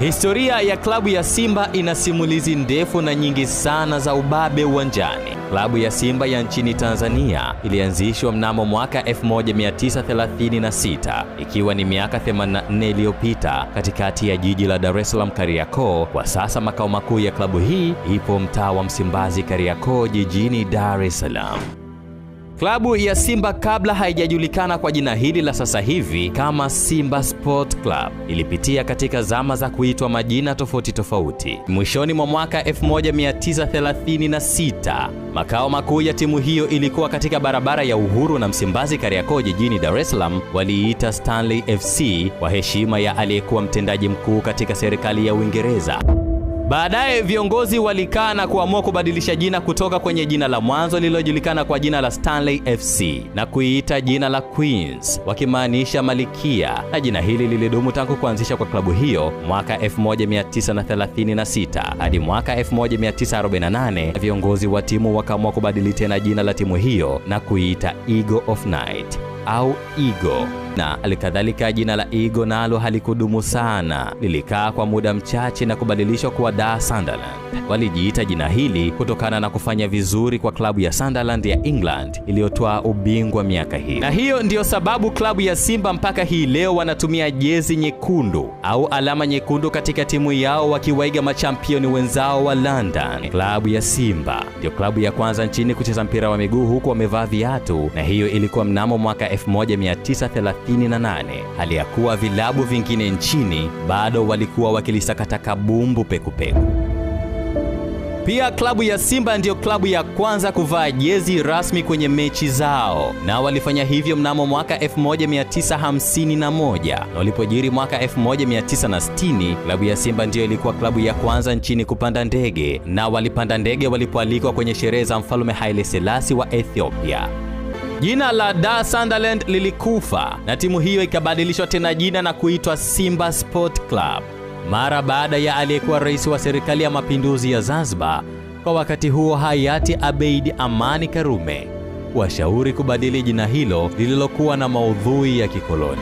Historia ya klabu ya Simba ina simulizi ndefu na nyingi sana za ubabe uwanjani. Klabu ya Simba ya nchini Tanzania ilianzishwa mnamo mwaka 1936 ikiwa ni miaka 84 iliyopita katikati ya jiji la Dar es Salaam Kariakoo. Kwa sasa makao makuu ya klabu hii ipo mtaa wa Msimbazi Kariakoo jijini Dar es Salaam. Klabu ya Simba kabla haijajulikana kwa jina hili la sasa hivi kama Simba Sport Club ilipitia katika zama za kuitwa majina tofauti tofauti. Mwishoni mwa mwaka 1936 makao makuu ya timu hiyo ilikuwa katika barabara ya Uhuru na Msimbazi, Kariakoo, jijini Dar es Salaam. Waliiita Stanley FC kwa heshima ya aliyekuwa mtendaji mkuu katika serikali ya Uingereza. Baadaye viongozi walikaa na kuamua kubadilisha jina kutoka kwenye jina la mwanzo lililojulikana kwa jina la Stanley FC na kuiita jina la Queens, wakimaanisha malikia, na jina hili lilidumu tangu kuanzisha kwa klabu hiyo mwaka 1936 hadi mwaka 1948. Viongozi wa timu wakaamua kubadili tena jina la timu hiyo na kuiita Eagle of Night au Eagle na alikadhalika jina la Eagle nalo halikudumu sana, lilikaa kwa muda mchache na kubadilishwa kuwa Dar Sunderland. Walijiita jina hili kutokana na kufanya vizuri kwa klabu ya Sunderland ya England iliyotoa ubingwa miaka hii, na hiyo ndiyo sababu klabu ya Simba mpaka hii leo wanatumia jezi nyekundu au alama nyekundu katika timu yao, wakiwaiga machampioni wenzao wa London. Klabu ya Simba ndiyo klabu ya kwanza nchini kucheza mpira wa miguu huku wamevaa viatu, na hiyo ilikuwa mnamo mwaka 68 hali ya kuwa vilabu vingine nchini bado walikuwa wakilisakata kabumbu pekupeku. Pia klabu ya Simba ndiyo klabu ya kwanza kuvaa jezi rasmi kwenye mechi zao, na walifanya hivyo mnamo mwaka 1951 na walipojiri mwaka 1960, klabu ya Simba ndiyo ilikuwa klabu ya kwanza nchini kupanda ndege, na walipanda ndege walipoalikwa kwenye sherehe za mfalume Haile selasi wa Ethiopia. Jina la Dar Sunderland lilikufa na timu hiyo ikabadilishwa tena jina na kuitwa Simba Sport Club mara baada ya aliyekuwa rais wa serikali ya mapinduzi ya Zanzibar kwa wakati huo hayati Abeid Amani Karume washauri kubadili jina hilo lililokuwa na maudhui ya kikoloni.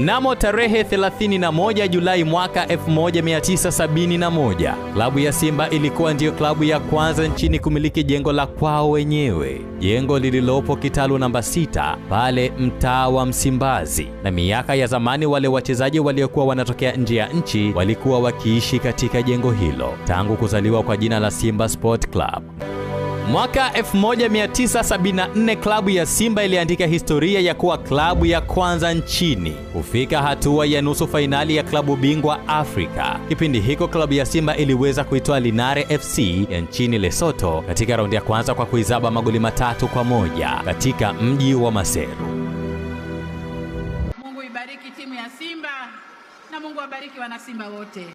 Mnamo tarehe 31 Julai mwaka 1971, klabu ya Simba ilikuwa ndiyo klabu ya kwanza nchini kumiliki jengo la kwao wenyewe, jengo lililopo kitalu namba 6 pale mtaa wa Msimbazi. Na miaka ya zamani, wale wachezaji waliokuwa wanatokea nje ya nchi walikuwa wakiishi katika jengo hilo. Tangu kuzaliwa kwa jina la Simba Sport Club, Mwaka 1974 klabu ya Simba iliandika historia ya kuwa klabu ya kwanza nchini kufika hatua ya nusu fainali ya klabu bingwa Afrika. Kipindi hiko klabu ya Simba iliweza kuitoa Linare FC ya nchini lesoto katika raundi ya kwanza kwa kuizaba magoli matatu kwa moja katika mji wa Maseru. Mungu ibariki timu ya Simba na Mungu abariki wanasimba wote.